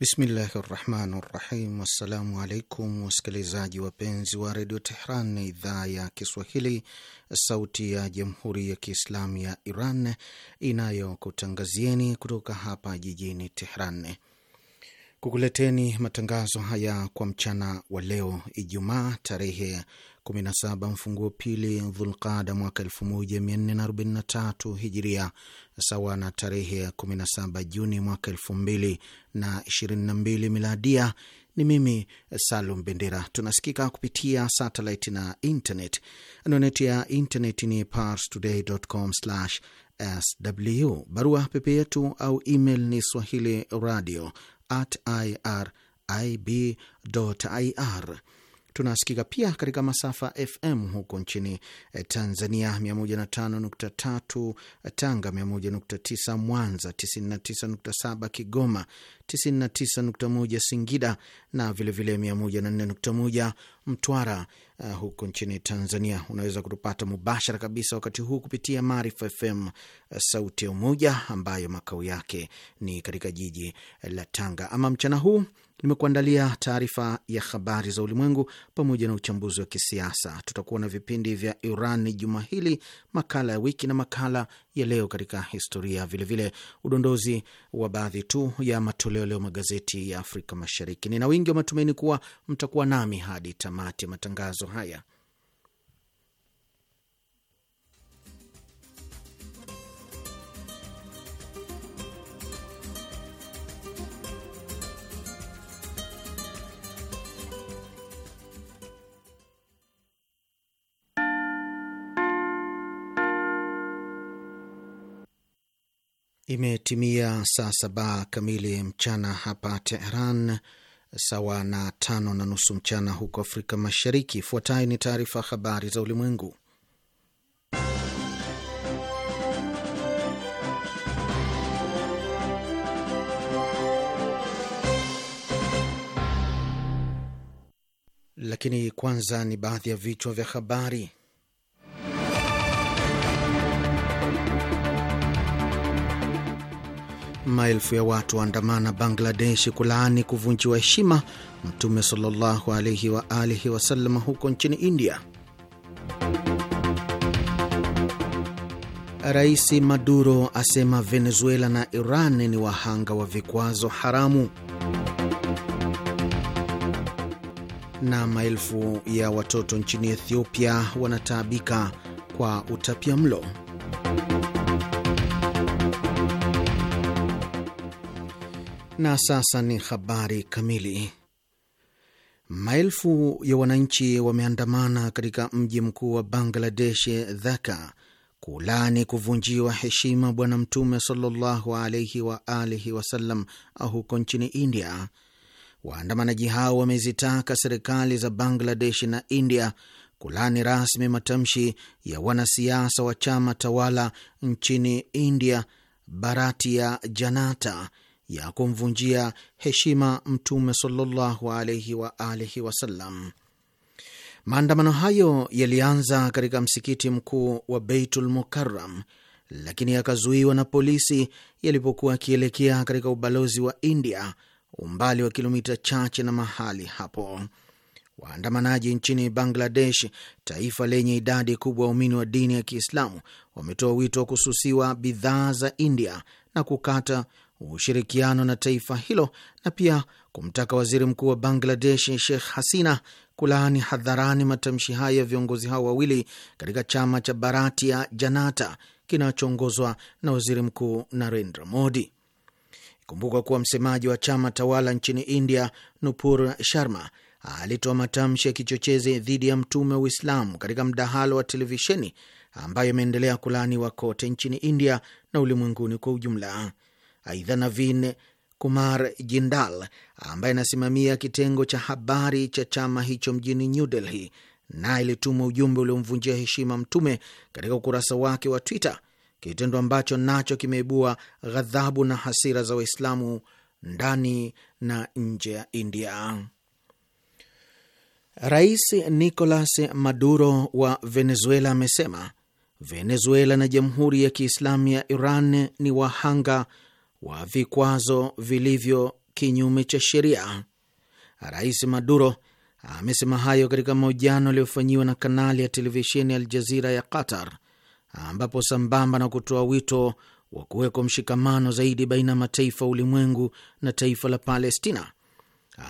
Bismillahi rahmani rahim. Wassalamu alaikum wasikilizaji wapenzi wa redio Tehran na idhaa ya Kiswahili, sauti ya jamhuri ya kiislamu ya Iran inayokutangazieni kutoka hapa jijini Tehran kukuleteni matangazo haya kwa mchana wa leo Ijumaa tarehe 17 mfunguo pili Dhulqada mwaka 1443 Hijiria, sawa na tarehe 17 Juni mwaka 2022 Miladia. Ni mimi Salum Bendera. Tunasikika kupitia satellite na internet. Anwani ya internet ni parstoday.com/sw. Barua pepe yetu au email ni swahili radio at irib.ir. Tunasikika pia katika masafa FM huko nchini eh, Tanzania, 105.3 eh, Tanga, 101.9 Mwanza, 99.7 Kigoma, 99.1 Singida na vilevile 104.1 Mtwara. Uh, huko nchini Tanzania unaweza kutupata mubashara kabisa wakati huu kupitia Maarifa FM uh, sauti ya Umoja ambayo makao yake ni katika jiji la Tanga. Ama mchana huu nimekuandalia taarifa ya habari za ulimwengu pamoja na uchambuzi wa kisiasa. Tutakuwa na vipindi vya Iran juma hili, makala ya wiki na makala ya leo katika historia, vilevile udondozi wa baadhi tu ya matoleo leo magazeti ya Afrika Mashariki. Nina wingi wa matumaini kuwa mtakuwa nami hadi tamati ya matangazo haya. Imetimia saa saba kamili mchana hapa Teheran, sawa na tano na nusu mchana huko Afrika Mashariki. Ifuatayo ni taarifa habari za ulimwengu, lakini kwanza ni baadhi ya vichwa vya habari. Maelfu ya watu waandamana Bangladesh kulaani kuvunjiwa heshima Mtume sallallahu alaihi wa alihi wasallam huko nchini India. Rais Maduro asema Venezuela na Iran ni wahanga wa vikwazo haramu. Na maelfu ya watoto nchini Ethiopia wanataabika kwa utapia mlo. Na sasa ni habari kamili. Maelfu ya wananchi wameandamana katika mji mkuu wa Bangladesh, Dhaka, kulani kuvunjiwa heshima Bwana Mtume sallallahu alaihi wa alihi wasallam ah, huko nchini India. Waandamanaji hao wamezitaka serikali za Bangladesh na India kulani rasmi matamshi ya wanasiasa wa chama tawala nchini India, Bharatiya Janata ya kumvunjia heshima Mtume sallallahu alaihi wa alihi wasallam. Maandamano hayo yalianza katika msikiti mkuu wa Beitul Mukarram, lakini yakazuiwa na polisi yalipokuwa yakielekea katika ubalozi wa India, umbali wa kilomita chache na mahali hapo. Waandamanaji nchini Bangladesh, taifa lenye idadi kubwa waumini wa dini ya Kiislamu, wametoa wito wa kususiwa bidhaa za India na kukata ushirikiano na taifa hilo na pia kumtaka waziri mkuu wa Bangladesh Sheikh Hasina kulaani hadharani matamshi hayo ya viongozi hao wawili katika chama cha Bharatiya Janata kinachoongozwa na waziri mkuu Narendra Modi. Ikumbuka kuwa msemaji wa chama tawala nchini India Nupur Sharma alitoa matamshi ya kichochezi dhidi ya mtume wa Uislamu katika mdahalo wa televisheni ambayo imeendelea kulaaniwa kote nchini India na ulimwenguni kwa ujumla. Aidha, Navin Kumar Jindal ambaye anasimamia kitengo cha habari cha chama hicho mjini New Delhi naye ilitumwa ujumbe uliomvunjia heshima Mtume katika ukurasa wake wa Twitter, kitendo ambacho nacho kimeibua ghadhabu na hasira za Waislamu ndani na nje ya India. Rais Nicolas Maduro wa Venezuela amesema Venezuela na Jamhuri ya Kiislamu ya Iran ni wahanga wa vikwazo vilivyo kinyume cha sheria. Rais Maduro amesema hayo katika mahojiano aliyofanyiwa na kanali ya televisheni ya Aljazira ya Qatar, ambapo sambamba na kutoa wito wa kuwekwa mshikamano zaidi baina ya mataifa ya ulimwengu na taifa la Palestina,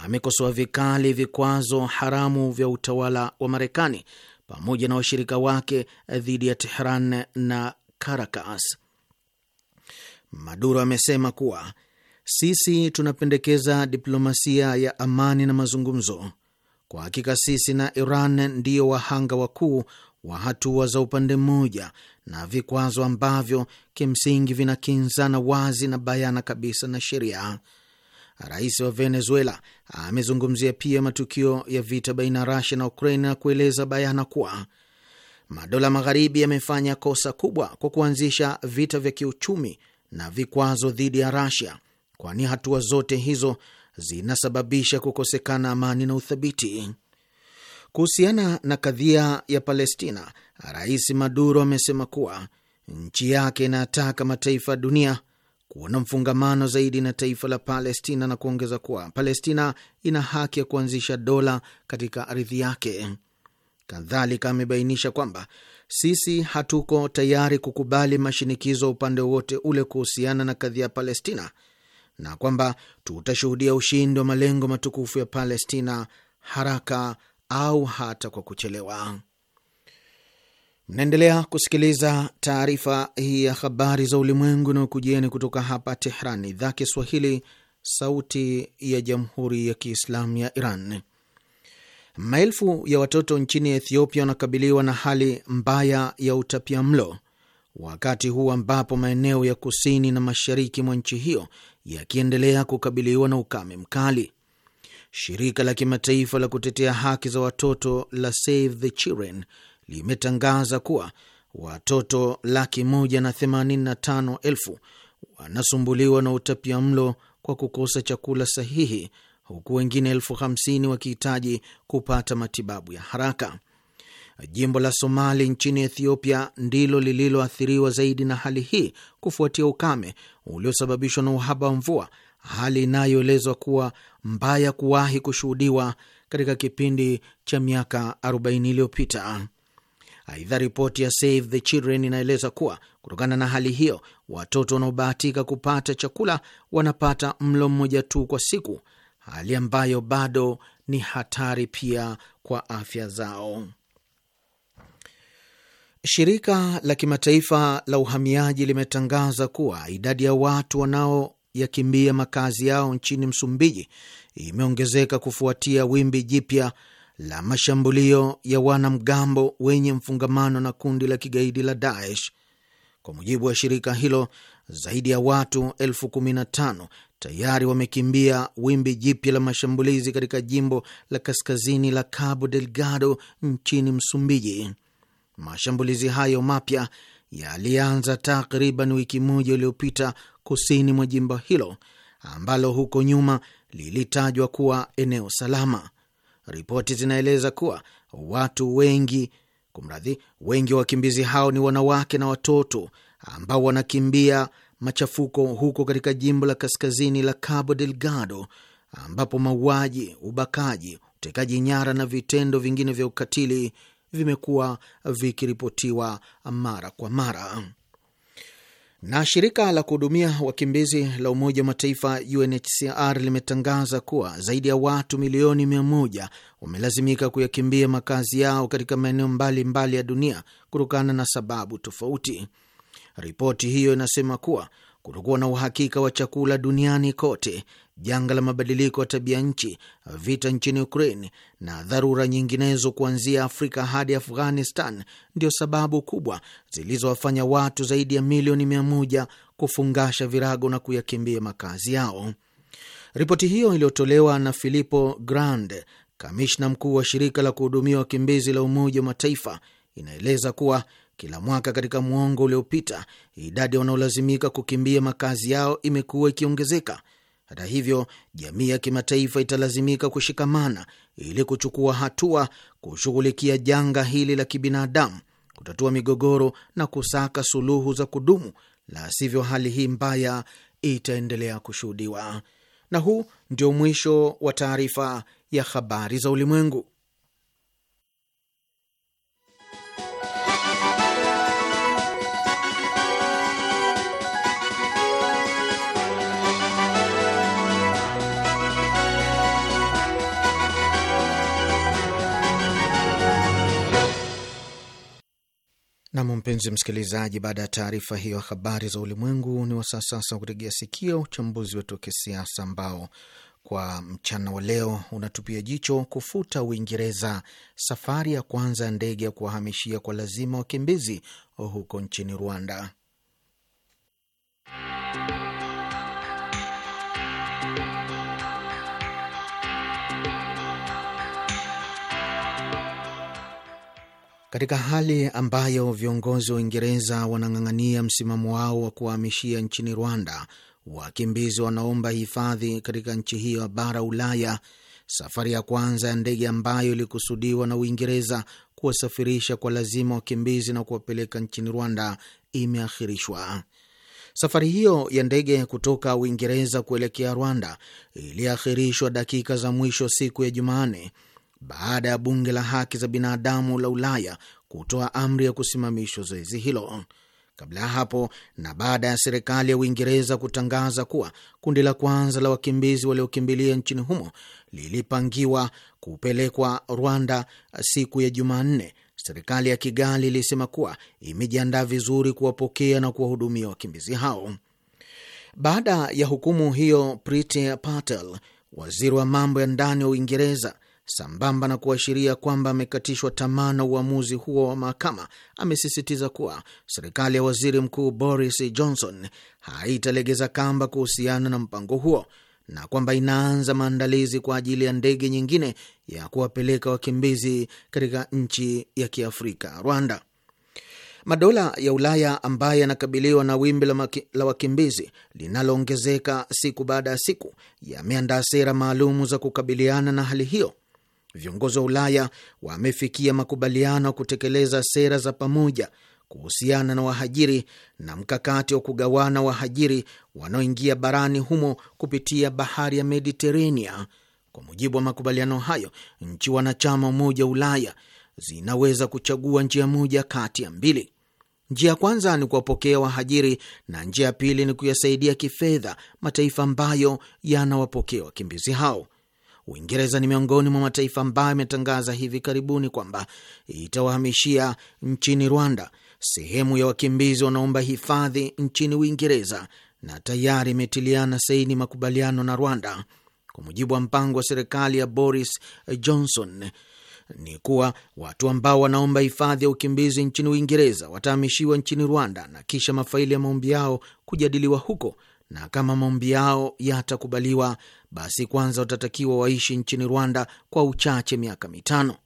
amekosoa vikali vikwazo haramu vya utawala wa Marekani pamoja na washirika wake dhidi ya Tehran na Caracas. Maduro amesema kuwa sisi tunapendekeza diplomasia ya amani na mazungumzo. Kwa hakika sisi na Iran ndiyo wahanga wakuu wa hatua za upande mmoja na vikwazo ambavyo kimsingi vinakinzana wazi na bayana kabisa na sheria. Rais wa Venezuela amezungumzia pia matukio ya vita baina ya Rusia na Ukraine na kueleza bayana kuwa madola magharibi yamefanya kosa kubwa kwa kuanzisha vita vya kiuchumi na vikwazo dhidi ya Rasia, kwani hatua zote hizo zinasababisha kukosekana amani na uthabiti. Kuhusiana na kadhia ya Palestina, Rais Maduro amesema kuwa nchi yake inataka mataifa ya dunia kuona mfungamano zaidi na taifa la Palestina na kuongeza kuwa Palestina ina haki ya kuanzisha dola katika ardhi yake. Kadhalika amebainisha kwamba sisi hatuko tayari kukubali mashinikizo upande wote ule kuhusiana na kadhia ya Palestina na kwamba tutashuhudia ushindi wa malengo matukufu ya Palestina haraka au hata kwa kuchelewa. Mnaendelea kusikiliza taarifa hii ya habari za ulimwengu na kutoka hapa Tehran, idhaa Kiswahili, sauti ya jamhuri ya kiislamu ya Iran. Maelfu ya watoto nchini Ethiopia wanakabiliwa na hali mbaya ya utapia mlo wakati huu ambapo maeneo ya kusini na mashariki mwa nchi hiyo yakiendelea kukabiliwa na ukame mkali. Shirika la kimataifa la kutetea haki za watoto la Save the Children limetangaza kuwa watoto laki moja na themanini na tano elfu wanasumbuliwa na utapia mlo kwa kukosa chakula sahihi huku wengine elfu hamsini wakihitaji kupata matibabu ya haraka. Jimbo la Somali nchini Ethiopia ndilo lililoathiriwa zaidi na hali hii kufuatia ukame uliosababishwa na uhaba wa mvua, hali inayoelezwa kuwa mbaya kuwahi kushuhudiwa katika kipindi cha miaka 40 iliyopita. Aidha, ripoti ya Save the Children inaeleza kuwa kutokana na hali hiyo, watoto wanaobahatika kupata chakula wanapata mlo mmoja tu kwa siku, hali ambayo bado ni hatari pia kwa afya zao. Shirika la kimataifa la uhamiaji limetangaza kuwa idadi ya watu wanaoyakimbia makazi yao nchini Msumbiji imeongezeka kufuatia wimbi jipya la mashambulio ya wanamgambo wenye mfungamano na kundi la kigaidi la Daesh. Kwa mujibu wa shirika hilo, zaidi ya watu elfu kumi na tano tayari wamekimbia wimbi jipya la mashambulizi katika jimbo la kaskazini la Cabo Delgado nchini Msumbiji. Mashambulizi hayo mapya yalianza takriban wiki moja iliyopita kusini mwa jimbo hilo ambalo huko nyuma lilitajwa kuwa eneo salama. Ripoti zinaeleza kuwa watu wengi kumradhi, wengi wa wakimbizi hao ni wanawake na watoto ambao wanakimbia machafuko huko katika jimbo la kaskazini la Cabo Delgado ambapo mauaji, ubakaji, utekaji nyara na vitendo vingine vya ukatili vimekuwa vikiripotiwa mara kwa mara. Na shirika la kuhudumia wakimbizi la Umoja wa Mataifa UNHCR limetangaza kuwa zaidi ya watu milioni mia moja wamelazimika kuyakimbia makazi yao katika maeneo mbalimbali ya dunia kutokana na sababu tofauti. Ripoti hiyo inasema kuwa kutokuwa na uhakika wa chakula duniani kote, janga la mabadiliko ya tabia nchi, vita nchini Ukraine na dharura nyinginezo kuanzia Afrika hadi Afghanistan ndio sababu kubwa zilizowafanya watu zaidi ya milioni mia moja kufungasha virago na kuyakimbia makazi yao. Ripoti hiyo iliyotolewa na Filippo Grandi, kamishna mkuu wa shirika la kuhudumia wakimbizi la Umoja wa Mataifa, inaeleza kuwa kila mwaka katika mwongo uliopita, idadi ya wanaolazimika kukimbia makazi yao imekuwa ikiongezeka. Hata hivyo, jamii ya kimataifa italazimika kushikamana ili kuchukua hatua kushughulikia janga hili la kibinadamu, kutatua migogoro na kusaka suluhu za kudumu, la sivyo hali hii mbaya itaendelea kushuhudiwa. Na huu ndio mwisho wa taarifa ya habari za ulimwengu. Nam, mpenzi msikilizaji, baada ya taarifa hiyo habari za ulimwengu, ni wasaa sasa wa kutegea sikio uchambuzi wetu wa kisiasa ambao kwa mchana wa leo unatupia jicho kufuta Uingereza safari ya kwanza ya ndege ya kuwahamishia kwa lazima wakimbizi huko nchini Rwanda. Katika hali ambayo viongozi wa Uingereza wanang'ang'ania msimamo wao wa kuwahamishia nchini Rwanda wakimbizi wanaomba hifadhi katika nchi hiyo ya bara Ulaya, safari ya kwanza ya ndege ambayo ilikusudiwa na Uingereza kuwasafirisha kwa lazima wakimbizi na kuwapeleka nchini Rwanda imeakhirishwa. Safari hiyo ya ndege kutoka Uingereza kuelekea Rwanda iliahirishwa dakika za mwisho siku ya Jumanne baada ya bunge la haki za binadamu la Ulaya kutoa amri ya kusimamishwa zoezi hilo. Kabla ya hapo na baada ya serikali ya Uingereza kutangaza kuwa kundi la kwanza la wakimbizi waliokimbilia nchini humo lilipangiwa kupelekwa Rwanda siku ya Jumanne, serikali ya Kigali ilisema kuwa imejiandaa vizuri kuwapokea na kuwahudumia wakimbizi hao. Baada ya hukumu hiyo, Priti Patel, waziri wa mambo ya ndani wa Uingereza, Sambamba na kuashiria kwamba amekatishwa tamaa na uamuzi huo wa mahakama, amesisitiza kuwa serikali ya waziri mkuu Boris Johnson haitalegeza kamba kuhusiana na mpango huo na kwamba inaanza maandalizi kwa ajili ya ndege nyingine ya kuwapeleka wakimbizi katika nchi ya kiafrika Rwanda. Madola ya Ulaya ambaye yanakabiliwa na wimbi la wakimbizi linaloongezeka siku baada ya siku yameandaa sera maalumu za kukabiliana na hali hiyo. Viongozi wa Ulaya wamefikia makubaliano ya kutekeleza sera za pamoja kuhusiana na wahajiri na mkakati wa kugawana wahajiri wanaoingia barani humo kupitia bahari ya Mediterania. Kwa mujibu wa makubaliano hayo, nchi wanachama Umoja wa Ulaya zinaweza kuchagua njia moja kati ya mbili. Njia ya kwanza ni kuwapokea wahajiri na njia ya pili ni kuyasaidia kifedha mataifa ambayo yanawapokea wakimbizi hao. Uingereza ni miongoni mwa mataifa ambayo ametangaza hivi karibuni kwamba itawahamishia nchini Rwanda sehemu ya wakimbizi wanaomba hifadhi nchini Uingereza na tayari imetiliana saini makubaliano na Rwanda. Kwa mujibu wa mpango wa serikali ya Boris Johnson ni kuwa watu ambao wanaomba hifadhi ya ukimbizi nchini Uingereza watahamishiwa nchini Rwanda na kisha mafaili ya maombi yao kujadiliwa huko na kama maombi yao yatakubaliwa, basi kwanza watatakiwa waishi nchini Rwanda kwa uchache miaka mitano,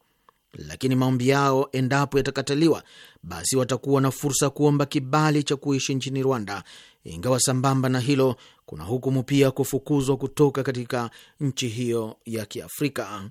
lakini maombi yao endapo yatakataliwa, basi watakuwa na fursa ya kuomba kibali cha kuishi nchini Rwanda, ingawa sambamba na hilo kuna hukumu pia kufukuzwa kutoka katika nchi hiyo ya Kiafrika.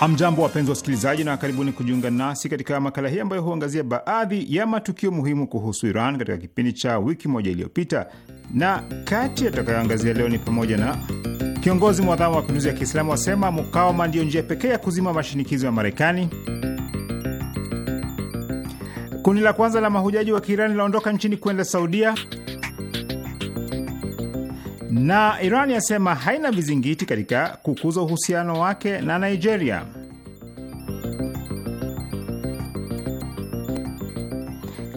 Hamjambo, wapenzi wasikilizaji, na karibuni kujiunga nasi katika makala hii ambayo huangazia baadhi ya matukio muhimu kuhusu Iran katika kipindi cha wiki moja iliyopita, na kati yatakayoangazia leo ni pamoja na kiongozi mwadhamu wa mapinduzi ya Kiislamu wasema mukawama ndiyo njia pekee ya kuzima mashinikizo ya Marekani, kundi la kwanza la mahujaji wa Kiirani laondoka nchini kwenda Saudia, na Iran yasema haina vizingiti katika kukuza uhusiano wake na Nigeria.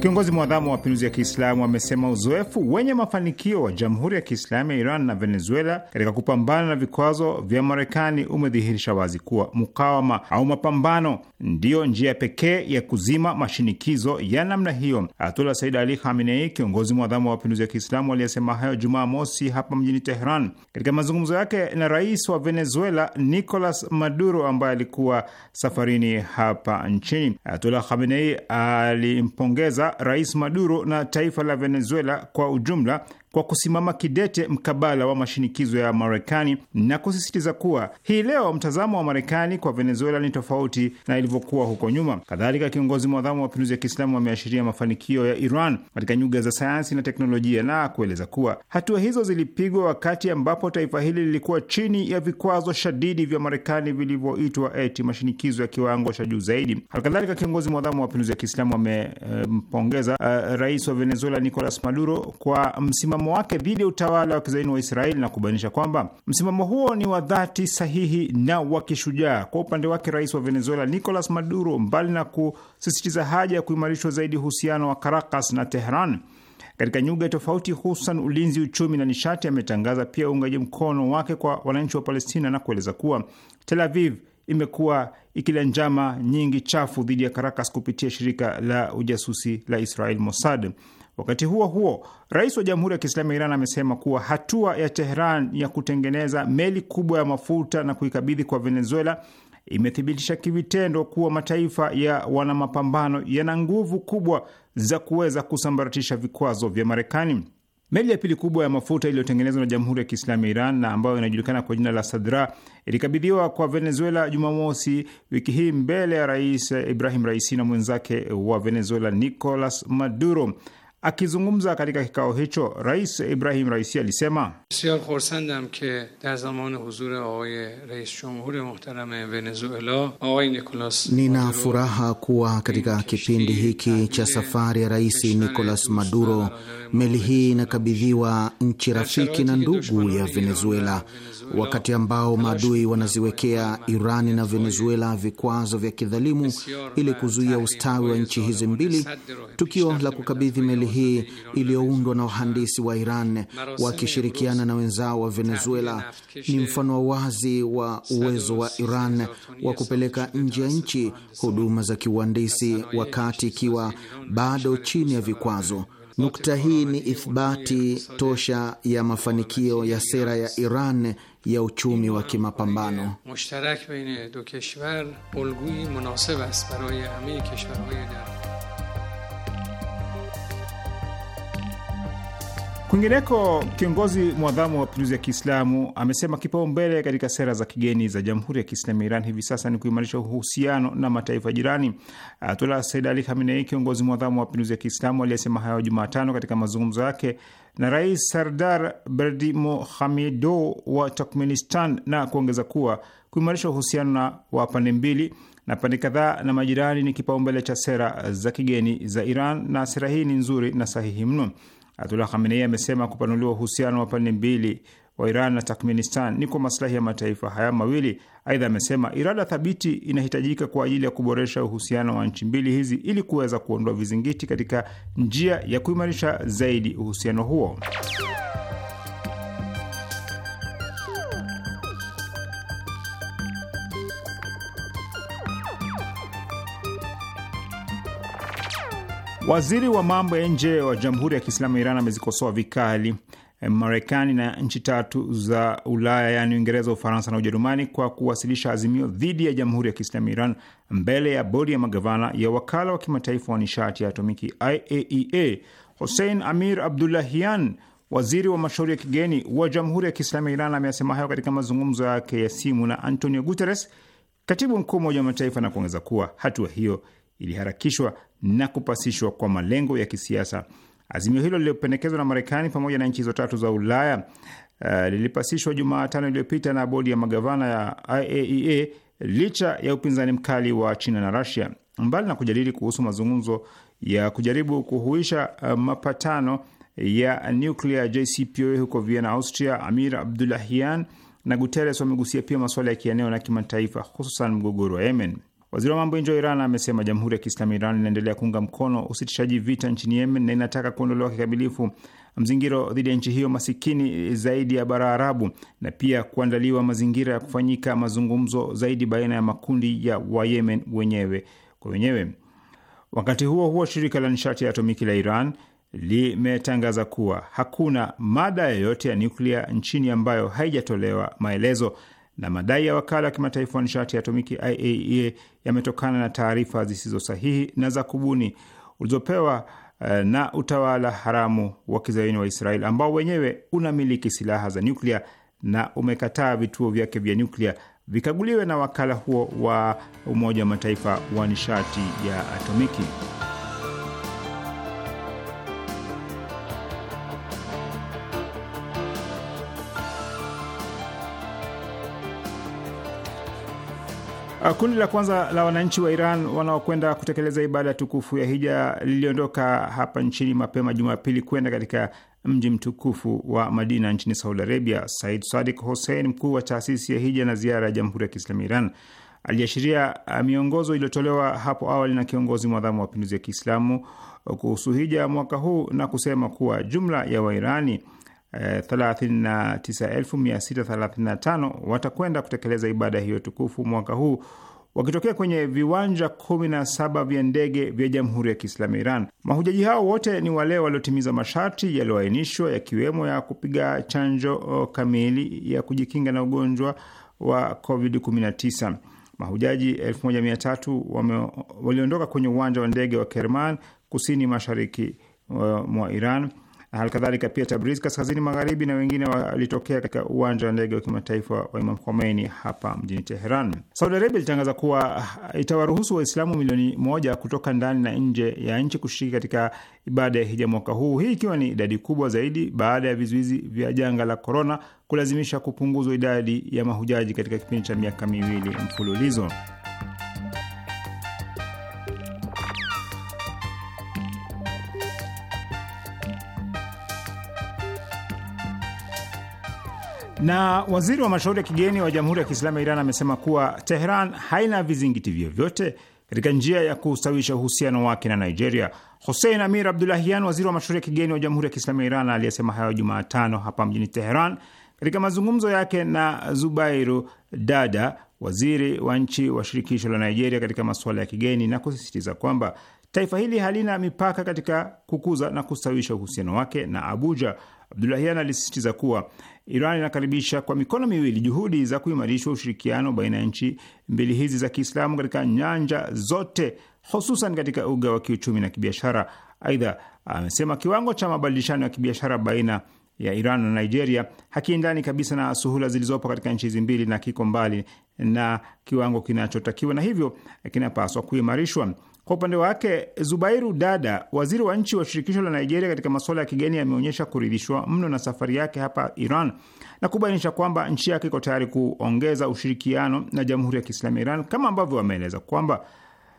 Kiongozi mwadhamu wa mapinduzi ya Kiislamu amesema uzoefu wenye mafanikio wa Jamhuri ya Kiislamu ya Iran na Venezuela katika kupambana na vikwazo vya Marekani umedhihirisha wazi kuwa mukawama au mapambano ndiyo njia pekee ya kuzima mashinikizo ya namna hiyo. Ayatullah Said Ali Khamenei, kiongozi mwadhamu wa mapinduzi ya Kiislamu, aliyesema hayo Jumaa mosi hapa mjini teheran katika mazungumzo yake na rais wa Venezuela Nicolas Maduro ambaye alikuwa safarini hapa nchini. Ayatullah Khamenei alimpongeza Rais Maduro na taifa la Venezuela kwa ujumla kwa kusimama kidete mkabala wa mashinikizo ya Marekani na kusisitiza kuwa hii leo mtazamo wa Marekani kwa Venezuela ni tofauti na ilivyokuwa huko nyuma. Kadhalika, kiongozi mwadhamu wa mapinduzi ya Kiislamu ameashiria mafanikio ya Iran katika nyuga za sayansi na teknolojia na kueleza kuwa hatua hizo zilipigwa wakati ambapo taifa hili lilikuwa chini ya vikwazo shadidi vya Marekani vilivyoitwa eti mashinikizo ya kiwango cha juu zaidi. Halikadhalika, kiongozi mwadhamu wa mapinduzi ya Kiislamu amempongeza uh, rais wa Venezuela Nicolas Maduro kwa msimamo msimamo wake dhidi ya utawala wa kizaini wa Israeli na kubainisha kwamba msimamo huo ni wa dhati, sahihi na wa kishujaa. Kwa upande wake, rais wa Venezuela Nicolas Maduro, mbali na kusisitiza haja ya kuimarishwa zaidi uhusiano wa Caracas na Tehran katika nyuga tofauti, hususan ulinzi, uchumi na nishati, ametangaza pia uungaji mkono wake kwa wananchi wa Palestina na kueleza kuwa Tel Aviv imekuwa ikila njama nyingi chafu dhidi ya Caracas kupitia shirika la ujasusi la Israel Mossad. Wakati huo huo, rais wa Jamhuri ya Kiislamu ya Iran amesema kuwa hatua ya Tehran ya kutengeneza meli kubwa ya mafuta na kuikabidhi kwa Venezuela imethibitisha kivitendo kuwa mataifa ya wanamapambano yana nguvu kubwa za kuweza kusambaratisha vikwazo vya Marekani. Meli ya pili kubwa ya mafuta iliyotengenezwa na Jamhuri ya Kiislamu ya Iran na ambayo inajulikana kwa jina la Sadra ilikabidhiwa kwa Venezuela Jumamosi wiki hii mbele ya Rais Ibrahim Raisi na mwenzake wa Venezuela Nicolas Maduro. Akizungumza katika kikao hicho, Rais Ibrahim Raisi alisema ke dar huzur nina furaha kuwa katika kipindi hiki cha safari ya Rais Nicolas Maduro, meli hii inakabidhiwa nchi rafiki na ndugu ya Venezuela wakati ambao maadui wanaziwekea Irani na Venezuela vikwazo vya kidhalimu ili kuzuia ustawi wa nchi hizi mbili, tukio la kukabidhi meli hii iliyoundwa na wahandisi wa Iran wakishirikiana na wenzao wa Venezuela ni mfano wa wazi wa uwezo wa Iran wa kupeleka nje ya nchi huduma za kiuhandisi wakati ikiwa bado chini ya vikwazo. Nukta hii ni ithbati tosha ya mafanikio ya sera ya Iran یا اوجومی و ک مشترک بین دو کشور الگویی مناسب است برای همه کشورهای در Kwingineko, kiongozi mwadhamu wa mapinduzi ya Kiislamu amesema kipaumbele katika sera za kigeni za Jamhuri ya Kiislamu ya Iran hivi sasa ni kuimarisha uhusiano na mataifa jirani. Ayatullah Said Ali Khamenei, kiongozi mwadhamu wa mapinduzi ya Kiislamu, aliyesema hayo Jumatano katika mazungumzo yake na Rais Sardar Berdimuhamedow wa Turkmenistan, na kuongeza kuwa kuimarisha uhusiano na wa pande mbili na pande kadhaa na majirani ni kipaumbele cha sera za kigeni za Iran, na sera hii ni nzuri na sahihi mno. Ayatullah Khamenei amesema kupanuliwa uhusiano wa pande mbili wa Iran na Turkmenistan ni kwa maslahi ya mataifa haya mawili. Aidha, amesema irada thabiti inahitajika kwa ajili ya kuboresha uhusiano wa nchi mbili hizi ili kuweza kuondoa vizingiti katika njia ya kuimarisha zaidi uhusiano huo. Waziri wa mambo ya nje wa Jamhuri ya Kiislamu ya Iran amezikosoa vikali eh, Marekani na nchi tatu za Ulaya yaani Uingereza, Ufaransa na Ujerumani kwa kuwasilisha azimio dhidi ya Jamhuri ya Kiislamu ya Iran mbele ya bodi ya magavana ya wakala wa kimataifa wa nishati ya atomiki IAEA. E Hussein Amir Abdullahian, waziri wa mashauri ya kigeni wa Jamhuri ya Kiislamu ya Iran, ameyasema hayo katika mazungumzo yake ya simu na Antonio Guterres, katibu mkuu wa Umoja wa Mataifa, na kuongeza kuwa hatua hiyo iliharakishwa na kupasishwa kwa malengo ya kisiasa. Azimio hilo lilipendekezwa na Marekani pamoja na nchi hizo tatu za Ulaya uh, lilipasishwa Jumatano iliyopita na bodi ya magavana ya IAEA e licha ya upinzani mkali wa China na rasia Mbali na kujadili kuhusu mazungumzo ya kujaribu kuhuisha uh, mapatano ya nuclear JCPOA huko Vienna, Austria, Amir Abdullahian na Guterres wamegusia pia masuala ya kieneo na kimataifa, hususan mgogoro wa Yemen. Waziri wa mambo ya nje wa Iran amesema Jamhuri ya Kiislamu Iran inaendelea kuunga mkono usitishaji vita nchini Yemen na inataka kuondolewa kikamilifu mzingiro dhidi ya nchi hiyo masikini zaidi ya bara Arabu na pia kuandaliwa mazingira ya kufanyika mazungumzo zaidi baina ya makundi ya Wayemen wenyewe kwa wenyewe. Wakati huo huo, shirika la nishati ya atomiki la Iran limetangaza kuwa hakuna mada yoyote ya nuklia nchini ambayo haijatolewa maelezo na madai ya wakala wa kimataifa wa nishati ya atomiki IAEA e yametokana na taarifa zisizo sahihi na za kubuni ulizopewa eh, na utawala haramu wa kizayuni wa Israel ambao wenyewe unamiliki silaha za nyuklia na umekataa vituo vyake vya nyuklia vikaguliwe na wakala huo wa Umoja wa Mataifa wa nishati ya atomiki. Uh, kundi la kwanza la wananchi wa Iran wanaokwenda kutekeleza ibada tukufu ya hija liliondoka hapa nchini mapema Jumapili kwenda katika mji mtukufu wa Madina nchini Saudi Arabia. Said Sadik Hussein, mkuu wa taasisi ya hija na ziara ya Jamhuri ya Kiislamu Iran, aliashiria uh, miongozo iliyotolewa hapo awali na kiongozi mwadhamu wa mapinduzi ya Kiislamu kuhusu hija mwaka huu na kusema kuwa jumla ya Wairani 39635 eh, watakwenda kutekeleza ibada hiyo tukufu mwaka huu wakitokea kwenye viwanja 17 vya ndege vya Jamhuri ya Kiislamu ya Iran. Mahujaji hao wote ni wale waliotimiza masharti yaliyoainishwa, yakiwemo ya kupiga chanjo kamili ya kujikinga na ugonjwa wa COVID-19. Mahujaji 1300 waliondoka kwenye uwanja wa ndege wa Kerman kusini mashariki mwa Iran halikadhalika pia Tabriz kaskazini magharibi, na wengine walitokea katika uwanja wa ndege wa kimataifa wa Imam Khomeini hapa mjini Teheran. Saudi Arabia ilitangaza kuwa ah, itawaruhusu Waislamu milioni moja kutoka ndani na nje ya nchi kushiriki katika ibada ya hija mwaka huu, hii ikiwa ni idadi kubwa zaidi baada ya vizuizi vya janga la korona kulazimisha kupunguzwa idadi ya mahujaji katika kipindi cha miaka miwili mfululizo. Na waziri wa mashauri ya kigeni wa Jamhuri ya Kiislamu ya Iran amesema kuwa Tehran haina vizingiti vyovyote katika njia ya kustawisha uhusiano wake na Nigeria. Hussein Amir Abdulahian, waziri wa mashauri ya kigeni wa Jamhuri ya Kiislamu ya Iran, aliyesema hayo Jumatano hapa mjini Teheran katika mazungumzo yake na Zubairu Dada, waziri wa nchi wa shirikisho la Nigeria katika masuala ya kigeni, na kusisitiza kwamba taifa hili halina mipaka katika kukuza na kustawisha uhusiano wake na Abuja. Abdulahian alisisitiza kuwa Iran inakaribisha kwa mikono miwili juhudi za kuimarishwa ushirikiano baina ya nchi mbili hizi za Kiislamu katika nyanja zote, hususan katika uga wa kiuchumi na kibiashara. Aidha amesema kiwango cha mabadilishano ya kibiashara baina ya Iran na Nigeria hakiendani kabisa na suhula zilizopo katika nchi hizi mbili na kiko mbali na kiwango kinachotakiwa na hivyo kinapaswa kuimarishwa. Kwa upande wake Zubairu Dada, waziri wa nchi wa shirikisho la Nigeria katika masuala ya kigeni, ameonyesha kuridhishwa mno na safari yake hapa Iran na kubainisha kwamba nchi yake iko tayari kuongeza ushirikiano na Jamhuri ya Kiislamu ya Iran kama ambavyo ameeleza kwamba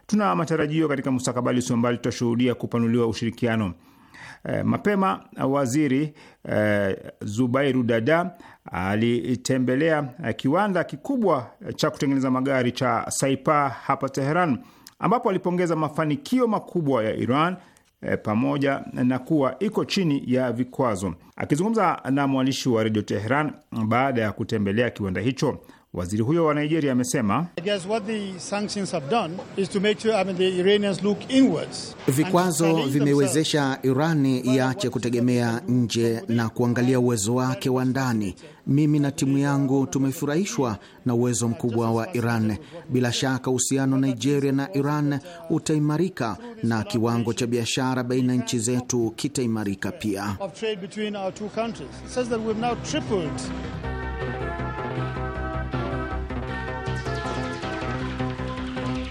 tuna matarajio katika mustakabali usio mbali tutashuhudia kupanuliwa ushirikiano. E, mapema waziri e, Zubairu Dada alitembelea eh, kiwanda kikubwa cha kutengeneza magari cha Saipa hapa Teheran ambapo alipongeza mafanikio makubwa ya Iran e, pamoja na kuwa iko chini ya vikwazo. Akizungumza na mwandishi wa redio Teheran baada ya kutembelea kiwanda hicho, Waziri huyo wa Nigeria amesema vikwazo vimewezesha Irani iache kutegemea nje na kuangalia uwezo wake wa ndani. Mimi na timu yangu tumefurahishwa na uwezo mkubwa wa Iran. Bila shaka uhusiano wa Nigeria na Iran utaimarika na kiwango cha biashara baina ya nchi zetu kitaimarika pia.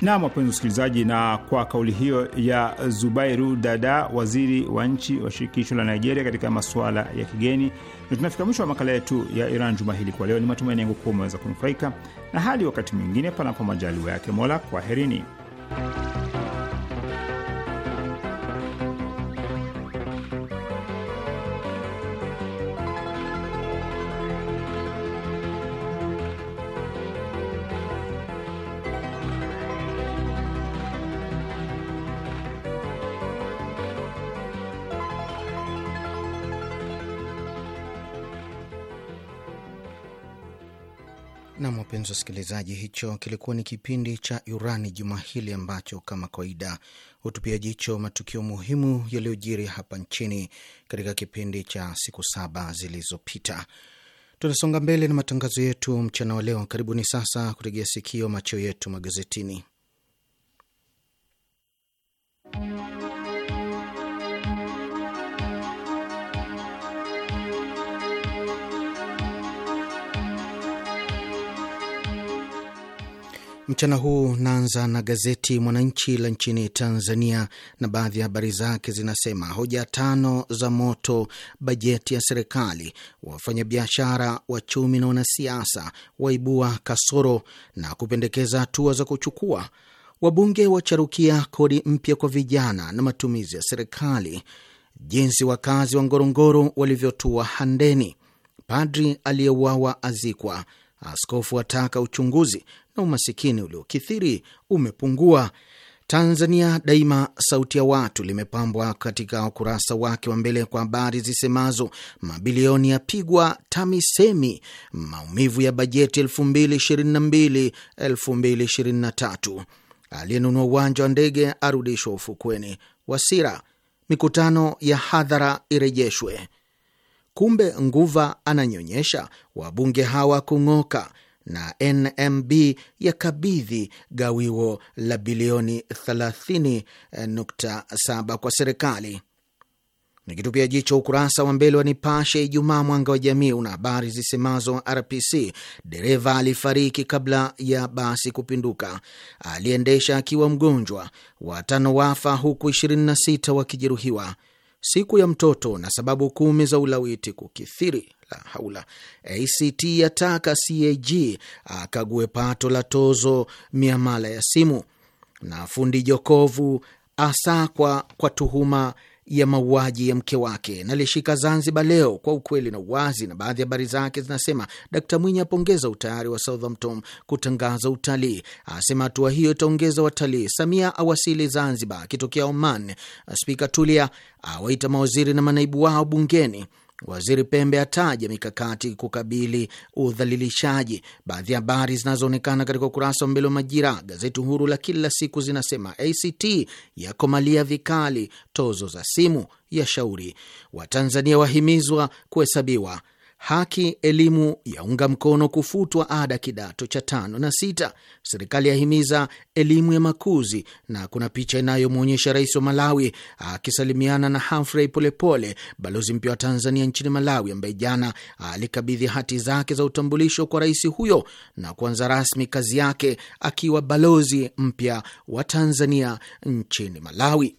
Nam, wapenzi usikilizaji na kwa kauli hiyo ya Zubairu Dada, waziri wa nchi wa shirikisho la Nigeria katika masuala ya kigeni, na tunafika mwisho wa makala yetu ya Iran juma hili kwa leo. Ni matumaini yangu kuwa umeweza kunufaika na hadi wakati mwingine, panapo majaliwa yake Mola. Kwaherini. Nam, wapenzi wasikilizaji, hicho kilikuwa ni kipindi cha Irani juma hili ambacho kama kawaida hutupia jicho matukio muhimu yaliyojiri hapa nchini katika kipindi cha siku saba zilizopita. Tunasonga mbele na matangazo yetu mchana wa leo. Karibuni sasa kutegea sikio macho yetu magazetini. Mchana huu naanza na gazeti Mwananchi la nchini Tanzania, na baadhi ya habari zake zinasema: hoja tano za moto bajeti ya serikali, wafanyabiashara, wachumi na wanasiasa waibua kasoro na kupendekeza hatua za kuchukua, wabunge wacharukia kodi mpya kwa vijana na matumizi ya serikali, jinsi wakazi wa Ngorongoro walivyotua Handeni, padri aliyeuawa azikwa, askofu ataka uchunguzi na umasikini uliokithiri umepungua. Tanzania Daima, sauti ya watu, limepambwa katika ukurasa wake wa mbele kwa habari zisemazo mabilioni yapigwa TAMISEMI, maumivu ya bajeti 2022 2023, aliyenunua uwanja wa ndege arudishwa ufukweni, Wasira, mikutano ya hadhara irejeshwe, kumbe nguva ananyonyesha, wabunge hawa kung'oka na NMB yakabidhi gawio la bilioni 30.7 eh, kwa serikali. Nikitupia jicho ukurasa wa mbele wa Nipashe Ijumaa, mwanga wa jamii una habari zisemazo: RPC dereva alifariki kabla ya basi kupinduka, aliendesha akiwa mgonjwa, watano wafa huku 26 wakijeruhiwa siku ya mtoto na sababu kumi za ulawiti kukithiri. La haula. ACT yataka CAG akague pato la tozo miamala ya simu, na fundi jokovu asakwa kwa tuhuma ya mauaji ya mke wake. Nalishika Zanzibar Leo kwa ukweli na uwazi, na baadhi ya habari zake zinasema: Dkt Mwinyi apongeza utayari wa Southampton kutangaza utalii, asema hatua hiyo itaongeza watalii. Samia awasili Zanzibar akitokea Oman. Spika Tulia awaita mawaziri na manaibu wao bungeni. Waziri Pembe ataja mikakati kukabili udhalilishaji. Baadhi ya habari zinazoonekana katika ukurasa wa mbele wa Majira, gazeti huru la kila siku, zinasema ACT yakomalia vikali tozo za simu ya shauri, Watanzania wahimizwa kuhesabiwa haki elimu yaunga mkono kufutwa ada kidato cha tano na sita. Serikali yahimiza elimu ya makuzi, na kuna picha inayomwonyesha rais wa Malawi akisalimiana na Humphrey Polepole, balozi mpya wa Tanzania nchini Malawi, ambaye jana alikabidhi hati zake za utambulisho kwa rais huyo na kuanza rasmi kazi yake akiwa balozi mpya wa Tanzania nchini Malawi.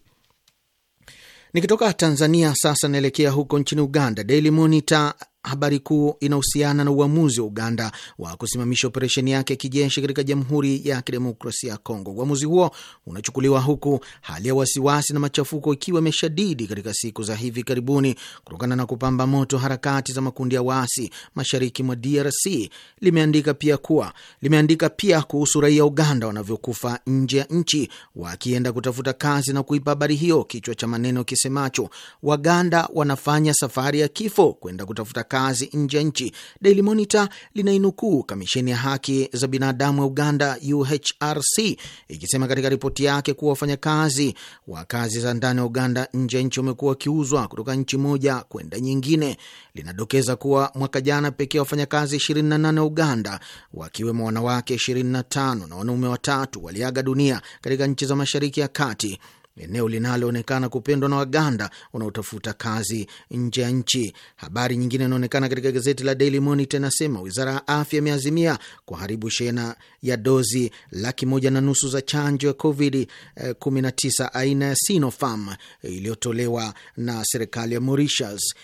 Nikitoka Tanzania sasa naelekea huko nchini Uganda. Daily Monitor habari kuu inahusiana na uamuzi wa Uganda wa kusimamisha operesheni yake ya kijeshi katika Jamhuri ya Kidemokrasia ya Kongo. Uamuzi huo unachukuliwa huku hali ya wasiwasi na machafuko ikiwa imeshadidi katika siku za hivi karibuni kutokana na kupamba moto harakati za makundi ya waasi mashariki mwa DRC. Limeandika pia kuwa limeandika pia kuhusu raia Uganda wanavyokufa nje ya nchi wakienda kutafuta kazi na kuipa habari hiyo kichwa cha maneno kisemacho Waganda wanafanya safari ya kifo kwenda kutafuta kazi nje ya nchi. Daily Monitor linainukuu kamisheni ya haki za binadamu ya Uganda, UHRC, ikisema katika ripoti yake kuwa wafanyakazi wa kazi za ndani ya Uganda nje ya nchi wamekuwa wakiuzwa kutoka nchi moja kwenda nyingine. Linadokeza kuwa mwaka jana pekee wafanyakazi 28 wa Uganda, wakiwemo wanawake 25 na wanaume watatu waliaga dunia katika nchi za mashariki ya kati eneo linaloonekana kupendwa na Waganda wanaotafuta kazi nje ya nchi. Habari nyingine inaonekana katika gazeti la Daily Monitor inasema wizara ya afya imeazimia kuharibu shehena ya dozi laki moja na nusu za chanjo ya Covid 19 aina ya Sinopharm iliyotolewa na serikali ya Mauritius.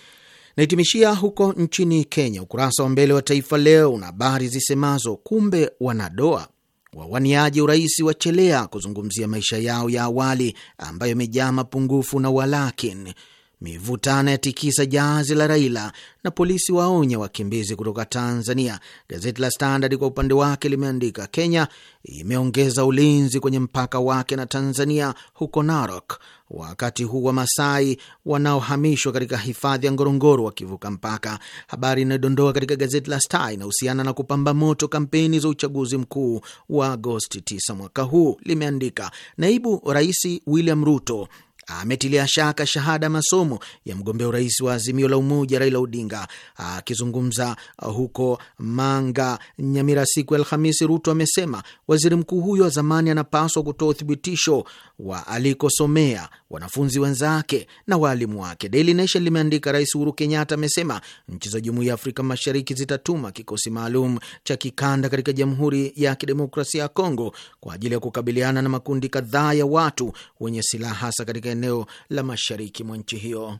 Nahitimishia huko nchini Kenya. Ukurasa wa mbele wa Taifa Leo una habari zisemazo kumbe wanadoa Wawaniaji urais wachelea kuzungumzia maisha yao ya awali ambayo imejaa mapungufu na walakin Mivutano yatikisa jahazi la Raila na polisi waonya wakimbizi kutoka Tanzania. Gazeti la Standard kwa upande wake limeandika Kenya imeongeza ulinzi kwenye mpaka wake na Tanzania huko Narok, wakati huu wa masai wanaohamishwa katika hifadhi ya Ngorongoro wakivuka mpaka. Habari inayodondoa katika gazeti la Star inahusiana na kupamba moto kampeni za uchaguzi mkuu wa Agosti 9 mwaka huu. Limeandika naibu rais William Ruto ametilia shaka shahada masomo ya mgombea urais wa Azimio la Umoja Raila Odinga. Akizungumza huko Manga Nyamira siku ya Alhamisi, Ruto amesema waziri mkuu huyo wa zamani anapaswa kutoa uthibitisho wa alikosomea wanafunzi wenzake na waalimu wake. Daily Nation limeandika, Rais Uhuru Kenyatta amesema nchi za Jumuiya ya Afrika Mashariki zitatuma kikosi maalum cha kikanda katika Jamhuri ya Kidemokrasia ya Kongo kwa ajili ya kukabiliana na makundi kadhaa ya watu wenye silaha hasa katika eneo la mashariki mwa nchi hiyo.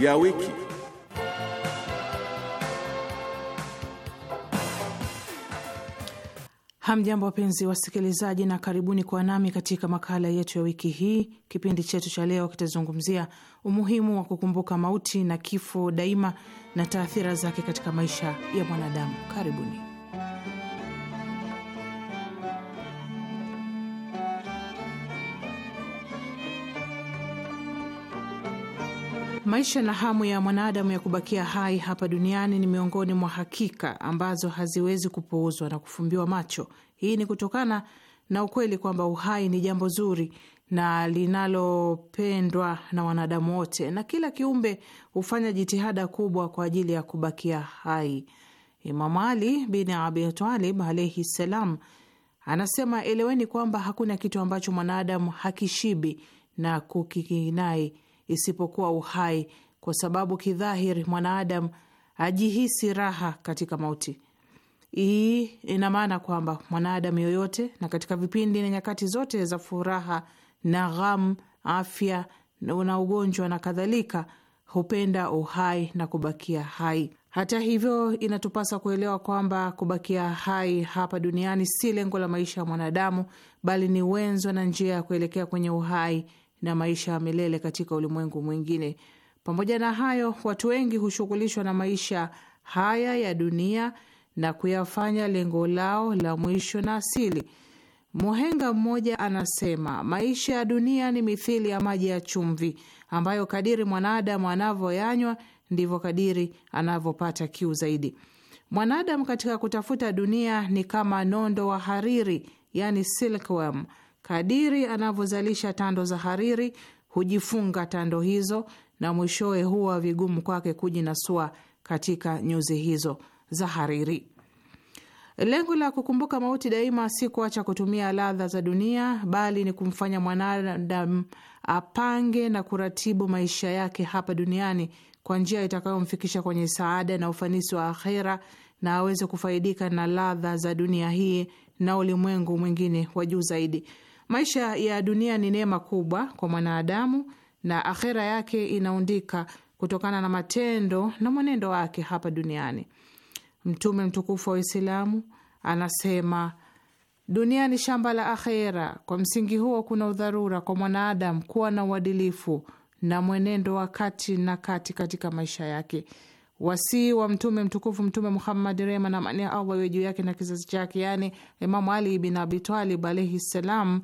ya wiki. Hamjambo, wapenzi wasikilizaji, na karibuni kwa nami katika makala yetu ya wiki hii. Kipindi chetu cha leo kitazungumzia umuhimu wa kukumbuka mauti na kifo daima na taathira zake katika maisha ya mwanadamu. Karibuni. Maisha na hamu ya mwanadamu ya kubakia hai hapa duniani ni miongoni mwa hakika ambazo haziwezi kupuuzwa na kufumbiwa macho. Hii ni kutokana na ukweli kwamba uhai ni jambo zuri na linalopendwa na wanadamu wote, na kila kiumbe hufanya jitihada kubwa kwa ajili ya kubakia hai. Imamu Ali bin Abi Talib alaihi ssalam anasema, eleweni kwamba hakuna kitu ambacho mwanadamu hakishibi na kukikinai isipokuwa uhai, kwa sababu kidhahiri mwanadamu ajihisi raha katika mauti. Hii ina maana kwamba mwanadamu yoyote na katika vipindi na nyakati zote za furaha na ghamu, afya na ugonjwa na kadhalika, hupenda uhai na kubakia hai. Hata hivyo, inatupasa kuelewa kwamba kubakia hai hapa duniani si lengo la maisha ya mwanadamu, bali ni wenzo na njia ya kuelekea kwenye uhai na maisha ya milele katika ulimwengu mwingine. Pamoja na hayo, watu wengi hushughulishwa na maisha haya ya dunia na kuyafanya lengo lao la mwisho na asili. Muhenga mmoja anasema maisha ya dunia ni mithili ya maji ya chumvi ambayo kadiri mwanadamu anavyoyanywa ndivyo kadiri anavyopata kiu zaidi. Mwanadamu katika kutafuta dunia ni kama nondo wa hariri, yani silkworm, Kadiri anavyozalisha tando za hariri, hujifunga tando hizo na mwishowe huwa vigumu kwake kujinasua katika nyuzi hizo za hariri. Lengo la kukumbuka mauti daima si kuacha kutumia ladha za dunia, bali ni kumfanya mwanadamu apange na kuratibu maisha yake hapa duniani kwa njia itakayomfikisha kwenye saada na ufanisi wa akhera, na aweze kufaidika na ladha za dunia hii na ulimwengu mwingine wa juu zaidi. Maisha ya dunia ni neema kubwa kwa mwanadamu na akhera yake inaundika kutokana na matendo na mwenendo wake hapa duniani. Mtume mtukufu wa Uislamu anasema dunia ni shamba la akhera. Kwa msingi huo, kuna udharura kwa mwanadamu kuwa na uadilifu na mwenendo wa kati na kati katika maisha yake. Wasii wa mtume mtukufu Mtume Muhammad, rehma na amani ya Allah iwe juu yake na kizazi chake, yaani Imamu Ali bin Abitalib alaihi ssalam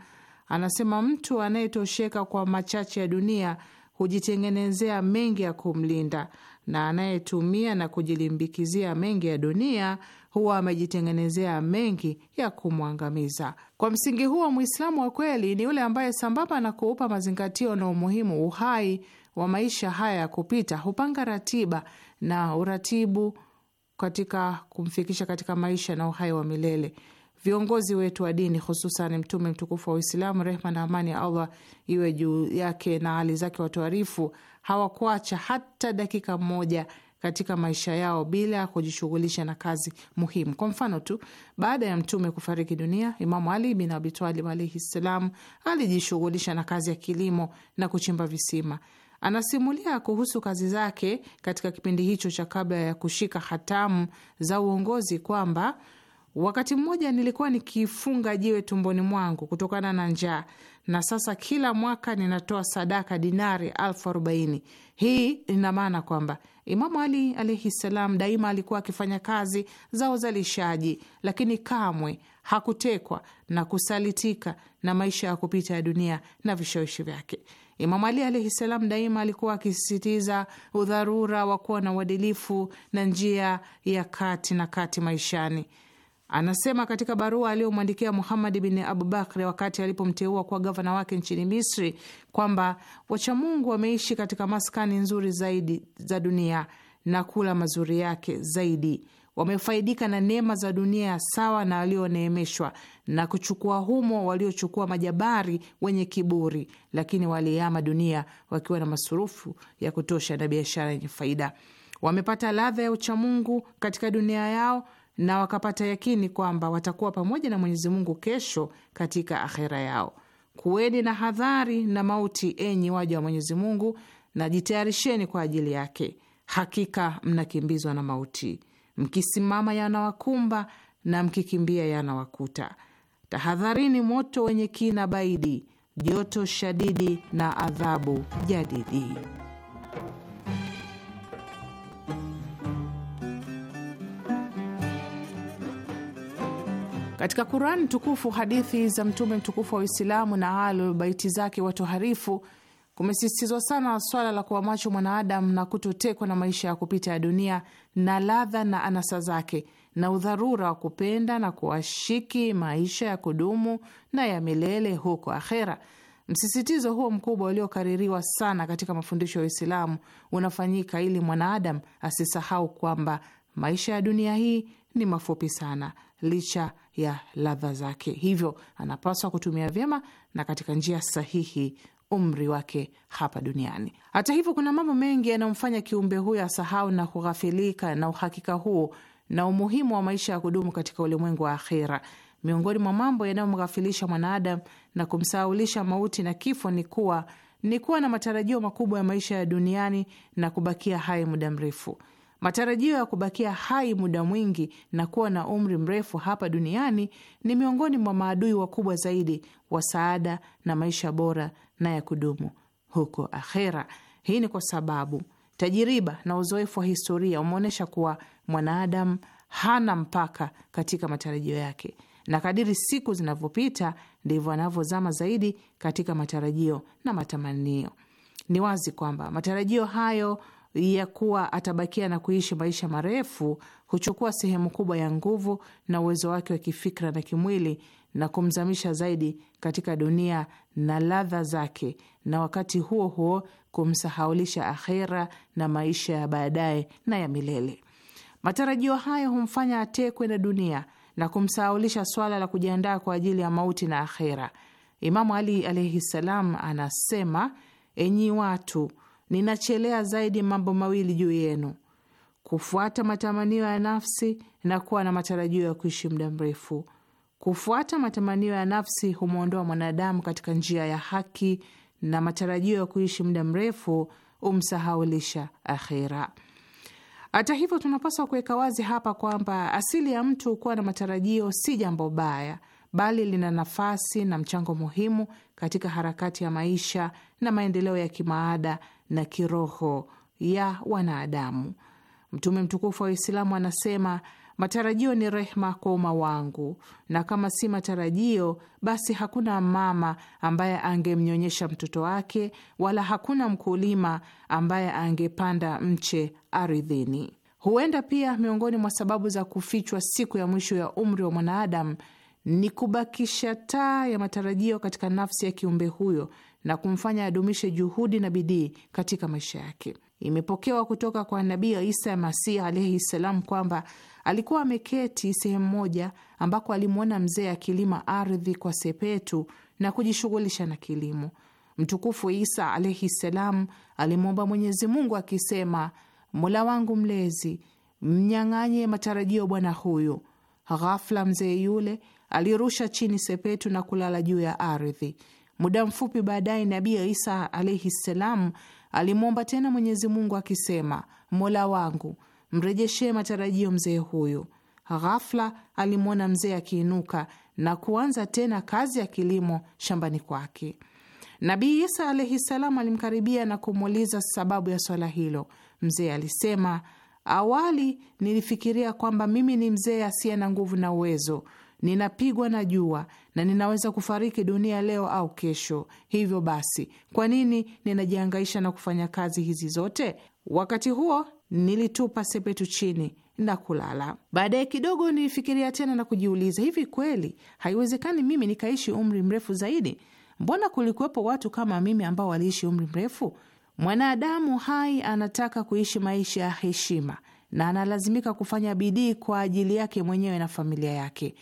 Anasema mtu anayetosheka kwa machache ya dunia hujitengenezea mengi ya kumlinda, na anayetumia na kujilimbikizia mengi ya dunia huwa amejitengenezea mengi ya kumwangamiza. Kwa msingi huo, Mwislamu wa kweli ni yule ambaye sambamba na kuupa mazingatio na umuhimu uhai wa maisha haya ya kupita, hupanga ratiba na uratibu katika kumfikisha katika maisha na uhai wa milele viongozi wetu wa dini hususan Mtume mtukufu wa Uislamu, rehma na amani ya Allah iwe juu yake na hali zake watoarifu, hawakuacha hata dakika moja katika maisha yao bila kujishughulisha na kazi muhimu. Kwa mfano tu, baada ya mtume kufariki dunia, Imamu Ali bin Abi Talib alaihi ssalam alijishughulisha na kazi ya kilimo na kuchimba visima. Anasimulia kuhusu kazi zake katika kipindi hicho cha kabla ya kushika hatamu za uongozi kwamba Wakati mmoja nilikuwa nikifunga jiwe tumboni mwangu kutokana na njaa, na sasa kila mwaka ninatoa sadaka dinari elfu arobaini. Hii ina maana kwamba Imamu Ali alaihi salam daima alikuwa akifanya kazi za uzalishaji, lakini kamwe hakutekwa na kusalitika na maisha ya kupita ya dunia na vishawishi vyake. Imamu Ali alaihi salam daima alikuwa akisisitiza udharura wa kuwa na uadilifu na njia ya kati na kati maishani. Anasema katika barua aliyomwandikia Muhamad bin Abubakri wakati alipomteua kuwa gavana wake nchini Misri kwamba wachamungu wameishi katika maskani nzuri zaidi za dunia na kula mazuri yake zaidi, wamefaidika na neema za dunia sawa na walioneemeshwa, na kuchukua humo waliochukua majabari wenye kiburi, lakini waliama dunia wakiwa na masurufu ya kutosha na biashara yenye faida. Wamepata ladha ya uchamungu katika dunia yao na wakapata yakini kwamba watakuwa pamoja na Mwenyezi Mungu kesho katika akhera yao. Kuweni na hadhari na mauti, enyi waja wa Mwenyezi Mungu, na jitayarisheni kwa ajili yake. Hakika mnakimbizwa na mauti, mkisimama yanawakumba na mkikimbia yanawakuta. Tahadharini moto wenye kina baidi, joto shadidi na adhabu jadidi. Katika quran tukufu, hadithi za mtume mtukufu wa Uislamu na alo baiti zake watoharifu kumesisitizwa sana swala la kuwa macho mwanaadamu na kutotekwa na maisha ya kupita ya dunia na ladha na anasa zake na udharura wa kupenda na kuwashiki maisha ya kudumu na ya milele huko akhera. Msisitizo huo mkubwa uliokaririwa sana katika mafundisho ya Uislamu unafanyika ili mwanaadamu asisahau kwamba maisha ya dunia hii ni mafupi sana licha ya ladha zake, hivyo anapaswa kutumia vyema na katika njia sahihi umri wake hapa duniani. Hata hivyo, kuna mambo mengi yanayomfanya kiumbe huyo asahau na kughafilika na uhakika huu na umuhimu wa maisha ya kudumu katika ulimwengu wa akhira. Miongoni mwa mambo yanayomghafilisha mwanadamu na kumsahaulisha mauti na kifo ni kuwa ni kuwa na matarajio makubwa ya maisha ya duniani na kubakia hai muda mrefu. Matarajio ya kubakia hai muda mwingi na kuwa na umri mrefu hapa duniani ni miongoni mwa maadui wakubwa zaidi wa saada na maisha bora na ya kudumu huko akhera. Hii ni kwa sababu tajiriba na uzoefu wa historia umeonyesha kuwa mwanadamu hana mpaka katika matarajio yake, na kadiri siku zinavyopita ndivyo anavyozama zaidi katika matarajio na matamanio. Ni wazi kwamba matarajio hayo ya kuwa atabakia na kuishi maisha marefu huchukua sehemu kubwa ya nguvu na uwezo wake wa kifikra na kimwili na kumzamisha zaidi katika dunia na ladha zake, na wakati huo huo kumsahaulisha akhera na maisha ya baadaye na ya milele. Matarajio hayo humfanya atekwe na dunia na kumsahaulisha swala la kujiandaa kwa ajili ya mauti na akhera. Imamu Ali alaihi salam anasema, enyi watu ninachelea zaidi mambo mawili juu yenu: kufuata matamanio ya nafsi na kuwa na matarajio ya kuishi muda mrefu. Kufuata matamanio ya nafsi humwondoa mwanadamu katika njia ya haki na matarajio ya kuishi muda mrefu humsahaulisha akhira. Hata hivyo, tunapaswa kuweka wazi hapa kwamba asili ya mtu kuwa na matarajio si jambo baya, bali lina nafasi na mchango muhimu katika harakati ya maisha na maendeleo ya kimaada na kiroho ya wanadamu. Mtume mtukufu wa Uislamu anasema, matarajio ni rehma kwa umma wangu, na kama si matarajio, basi hakuna mama ambaye angemnyonyesha mtoto wake, wala hakuna mkulima ambaye angepanda mche ardhini. Huenda pia miongoni mwa sababu za kufichwa siku ya mwisho ya umri wa mwanadamu ni kubakisha taa ya matarajio katika nafsi ya kiumbe huyo na kumfanya adumishe juhudi na bidii katika maisha yake. Imepokewa kutoka kwa Nabii Isa Masih alaihi salam kwamba alikuwa ameketi sehemu moja ambako alimwona mzee akilima ardhi kwa sepetu na kujishughulisha na kilimo. Mtukufu Isa alaihi salam alimwomba Mwenyezi Mungu akisema, mola wangu mlezi, mnyang'anye matarajio bwana huyu. Ghafla mzee yule alirusha chini sepetu na kulala juu ya ardhi. Muda mfupi baadaye Nabii Isa alaihi ssalam alimwomba tena Mwenyezi Mungu akisema, mola wangu mrejeshee matarajio mzee huyu. Ghafla alimwona mzee akiinuka na kuanza tena kazi ya kilimo shambani kwake. Nabii Isa alaihi ssalam alimkaribia na kumuuliza sababu ya swala hilo. Mzee alisema, awali nilifikiria kwamba mimi ni mzee asiye na nguvu na uwezo, ninapigwa na jua na ninaweza kufariki dunia leo au kesho. Hivyo basi, kwa nini ninajihangaisha na kufanya kazi hizi zote? Wakati huo nilitupa sepetu chini na kulala. Baadaye kidogo nilifikiria tena na kujiuliza, hivi kweli haiwezekani mimi nikaishi umri mrefu zaidi? Mbona kulikuwepo watu kama mimi ambao waliishi umri mrefu? Mwanadamu hai anataka kuishi maisha ya heshima na analazimika kufanya bidii kwa ajili yake mwenyewe na familia yake.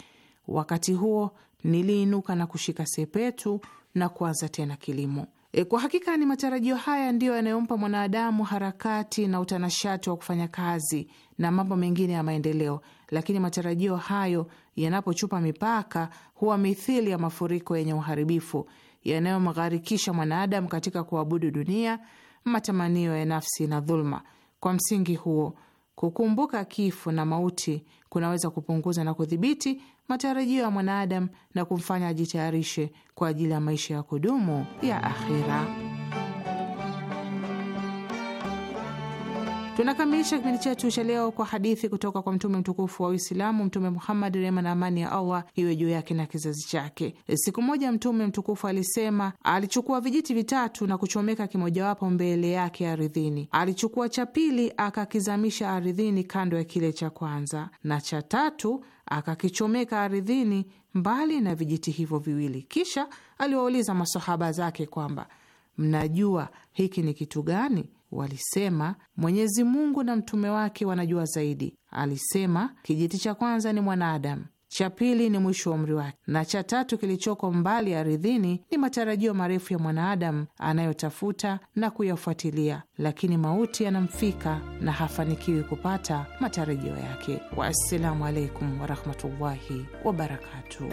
Wakati huo niliinuka na kushika sepetu na kuanza tena kilimo. E, kwa hakika ni matarajio haya ndiyo yanayompa mwanadamu harakati na utanashati wa kufanya kazi na mambo mengine ya maendeleo, lakini matarajio hayo yanapochupa mipaka huwa mithili ya mafuriko yenye uharibifu yanayomgharikisha mwanadamu katika kuabudu dunia, matamanio ya nafsi na dhuluma. Kwa msingi huo, kukumbuka kifo na mauti kunaweza kupunguza na kudhibiti matarajio ya mwanadamu na kumfanya ajitayarishe kwa ajili ya maisha ya kudumu ya akhira. Tunakamilisha kipindi chetu cha leo kwa hadithi kutoka kwa mtume mtukufu wa Uislamu, Mtume Muhammad, rehma na amani ya Allah iwe juu yake na kizazi chake. Siku moja mtume mtukufu alisema, alichukua vijiti vitatu na kuchomeka kimojawapo mbele yake ardhini, alichukua cha pili akakizamisha ardhini kando ya kile cha kwanza, na cha tatu akakichomeka ardhini mbali na vijiti hivyo viwili. Kisha aliwauliza masahaba zake kwamba mnajua hiki ni kitu gani? Walisema, Mwenyezi Mungu na mtume wake wanajua zaidi. Alisema, kijiti cha kwanza ni mwanadamu, cha pili ni mwisho wa umri wake, na cha tatu kilichoko mbali aridhini ni matarajio marefu ya mwanadamu anayotafuta na kuyafuatilia, lakini mauti yanamfika na hafanikiwi kupata matarajio yake. Wassalamu alaikum warahmatullahi wabarakatuh.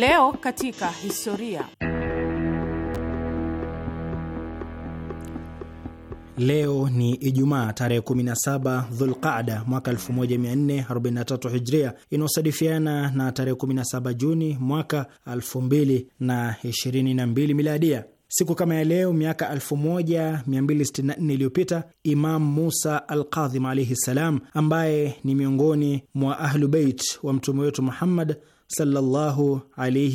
Leo katika historia. Leo ni Ijumaa tarehe 17 Dhulqada mwaka 1443 Hijria, inayosadifiana na tarehe 17 Juni mwaka 2022 Miladia. Siku kama ya leo miaka 1264 iliyopita Imam Musa al Kadhim alaihi ssalam, ambaye ni miongoni mwa Ahlubeit wa mtume wetu Muhammad sallallahu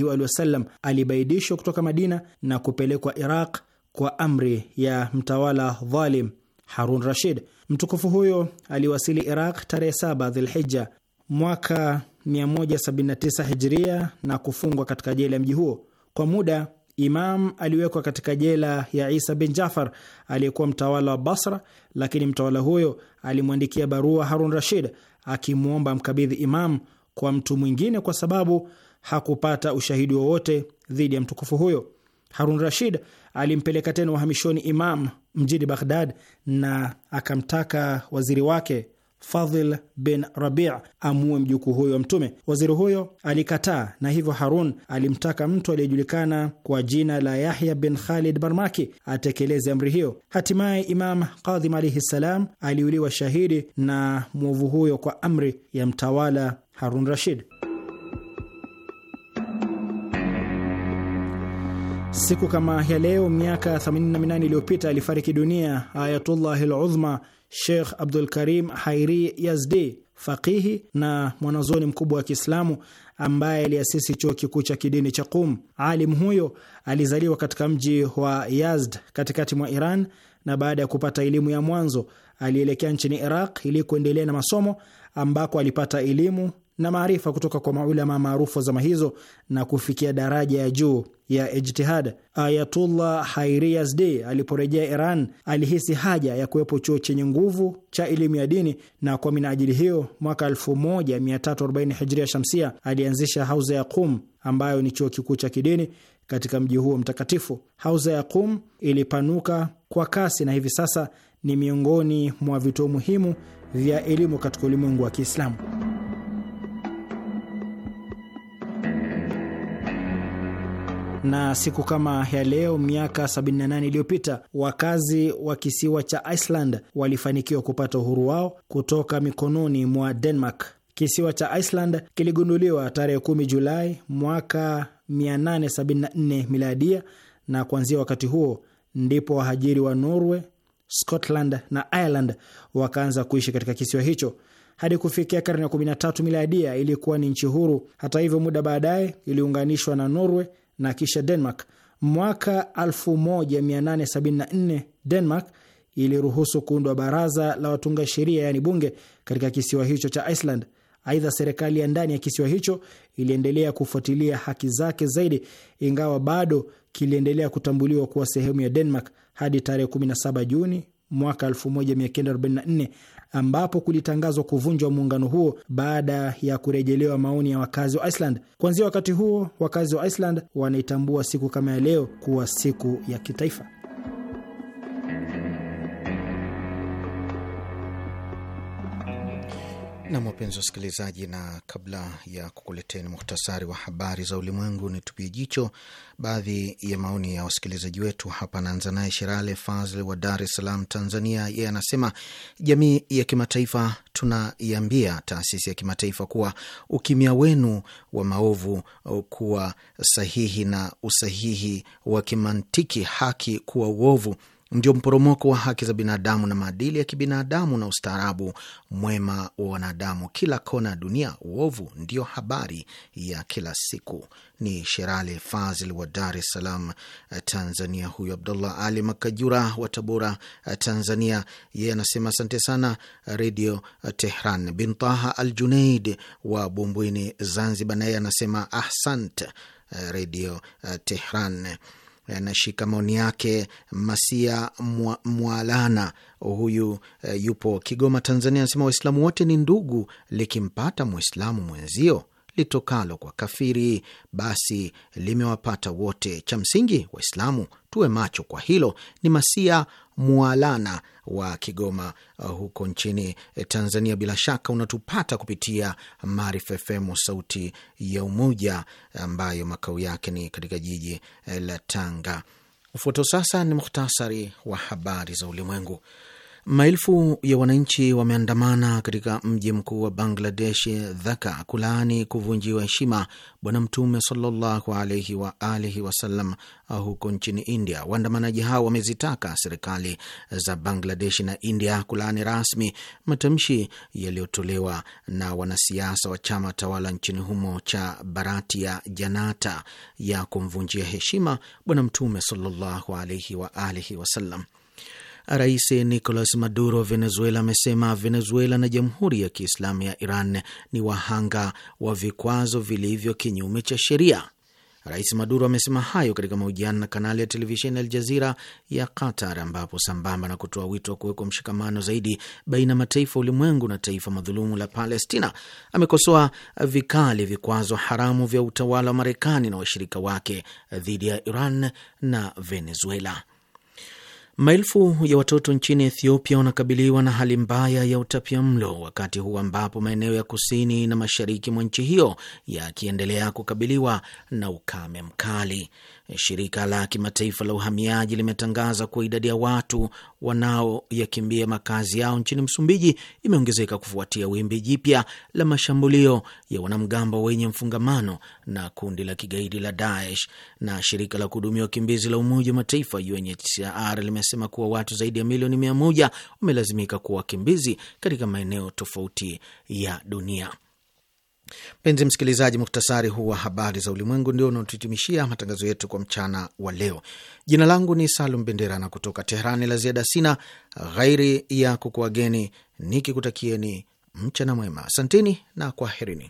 wa sallam alibaidishwa kutoka Madina na kupelekwa Iraq kwa amri ya mtawala dhalim Harun Rashid. Mtukufu huyo aliwasili Iraq tarehe 7 Dhilhija mwaka 179 Hijria na kufungwa katika jela ya mji huo kwa muda. Imam aliwekwa katika jela ya Isa bin Jafar aliyekuwa mtawala wa Basra, lakini mtawala huyo alimwandikia barua Harun Rashid akimwomba mkabidhi Imam kwa mtu mwingine kwa sababu hakupata ushahidi wowote dhidi ya mtukufu huyo. Harun Rashid alimpeleka tena uhamishoni Imam mjini Baghdad na akamtaka waziri wake Fadhil bin Rabi amuue mjukuu huyo wa Mtume. Waziri huyo alikataa, na hivyo Harun alimtaka mtu aliyejulikana kwa jina la Yahya bin Khalid Barmaki atekeleze amri hiyo. Hatimaye Imam Kadhim alaihi ssalam aliuliwa shahidi na mwovu huyo kwa amri ya mtawala Harun Rashid. Siku kama ya leo miaka 88 iliyopita alifariki dunia Ayatullah al-Udhma Sheikh Abdul Karim Hairi Yazdi, faqihi na mwanazoni mkubwa wa Kiislamu ambaye aliasisi chuo kikuu cha kidini cha Qum. Alim huyo alizaliwa katika mji wa Yazd katikati mwa Iran, na baada ya kupata elimu ya mwanzo alielekea nchini Iraq ili kuendelea na masomo ambako alipata elimu na maarifa kutoka kwa maulama maarufu wa zama hizo na kufikia daraja ya juu ya ijtihad. Ayatullah Hairi Yazdi aliporejea Iran alihisi haja ya kuwepo chuo chenye nguvu cha elimu ya dini, na kwa minajili hiyo mwaka 1340 hijria shamsia alianzisha hauza ya Qum ambayo ni chuo kikuu cha kidini katika mji huo mtakatifu. Hauza ya Qum ilipanuka kwa kasi na hivi sasa ni miongoni mwa vituo muhimu vya elimu katika ulimwengu wa Kiislamu. na siku kama ya leo miaka 78 iliyopita wakazi wa kisiwa cha Iceland walifanikiwa kupata uhuru wao kutoka mikononi mwa Denmark. Kisiwa cha Iceland kiligunduliwa tarehe 10 Julai mwaka 874 miladia, na kuanzia wakati huo ndipo wahajiri wa Norway, Scotland na Ireland wakaanza kuishi katika kisiwa hicho hadi kufikia karne ya 13 miladia ilikuwa ni nchi huru. Hata hivyo, muda baadaye iliunganishwa na Norway na kisha Denmark. Mwaka 1874 Denmark iliruhusu kuundwa baraza la watunga sheria, yaani bunge, katika kisiwa hicho cha Iceland. Aidha, serikali ya ndani ya kisiwa hicho iliendelea kufuatilia haki zake zaidi, ingawa bado kiliendelea kutambuliwa kuwa sehemu ya Denmark hadi tarehe 17 Juni mwaka 1944 ambapo kulitangazwa kuvunjwa muungano huo baada ya kurejelewa maoni ya wakazi wa Iceland. Kuanzia wakati huo, wakazi wa Iceland wanaitambua siku kama ya leo kuwa siku ya kitaifa. nam wapenzi wasikilizaji, na kabla ya kukuleteni muhtasari wa habari za ulimwengu, ni tupie jicho baadhi ya maoni ya wasikilizaji wetu hapa. Naanza naye Sherale Fazl wa Dar es Salaam, Tanzania. Yeye anasema jamii ya kimataifa, tunaiambia taasisi ya kimataifa kuwa ukimya wenu wa maovu kuwa sahihi na usahihi wa kimantiki, haki kuwa uovu ndio mporomoko wa haki za binadamu na maadili ya kibinadamu na ustaarabu mwema wa wanadamu. Kila kona ya dunia uovu ndiyo habari ya kila siku. Ni Sherali Fazil wa Dar es Salaam, Tanzania. Huyu Abdullah Ali Makajura wa Tabora, Tanzania, yeye anasema asante sana Redio Tehran. Bin Taha Al Junaid wa Bumbwini, Zanzibar, naye anasema ahsant eh, Redio Tehran anashika maoni yake Masia mwa, Mwalana, huyu eh, yupo Kigoma, Tanzania, anasema Waislamu wote ni ndugu, likimpata Mwislamu mwenzio litokalo kwa kafiri, basi limewapata wote. Cha msingi Waislamu tuwe macho kwa hilo. Ni Masia Mwalana wa Kigoma uh, huko nchini Tanzania. Bila shaka unatupata kupitia Maarifa FM, sauti ya Umoja, ambayo makao yake ni katika jiji eh, la Tanga. Ufuato sasa ni muhtasari wa habari za ulimwengu. Maelfu ya wananchi wameandamana katika mji mkuu wa Bangladesh, Dhaka, kulaani kuvunjiwa heshima Bwana Mtume sallallahu alaihi wa alihi wasallam uh, huko nchini India. Waandamanaji hao wamezitaka serikali za Bangladesh na India kulaani rasmi matamshi yaliyotolewa na wanasiasa wa chama tawala nchini humo cha Bharatiya Janata ya kumvunjia heshima Bwana Mtume sallallahu alaihi wa alihi wasallam. Rais Nicolas Maduro wa Venezuela amesema Venezuela na Jamhuri ya Kiislamu ya Iran ni wahanga wa vikwazo vilivyo kinyume cha sheria. Rais Maduro amesema hayo katika mahojiano na kanali ya televisheni Al Jazira ya Qatar, ambapo sambamba na kutoa wito wa kuwekwa mshikamano zaidi baina ya mataifa ulimwengu na taifa madhulumu la Palestina, amekosoa vikali vikwazo haramu vya utawala wa Marekani na washirika wake dhidi ya Iran na Venezuela. Maelfu ya watoto nchini Ethiopia wanakabiliwa na hali mbaya ya mlo wakati huu ambapo maeneo ya kusini na mashariki mwa nchi hiyo yakiendelea kukabiliwa na ukame mkali. Shirika la kimataifa la uhamiaji limetangaza kuwa idadi ya watu wanaoyakimbia makazi yao nchini Msumbiji imeongezeka kufuatia wimbi jipya la mashambulio ya wanamgambo wenye mfungamano na kundi la kigaidi la Daesh. Na shirika la kuhudumia wakimbizi la Umoja wa Mataifa UNHCR amesema kuwa watu zaidi ya milioni mia moja wamelazimika kuwa wakimbizi katika maeneo tofauti ya dunia. Mpenzi msikilizaji, muktasari huu wa habari za ulimwengu ndio unaotuhitimishia matangazo yetu kwa mchana wa leo. Jina langu ni Salum Bendera na kutoka Teherani la ziada sina ghairi ya kukuageni nikikutakieni mchana mwema. Asanteni na kwaherini.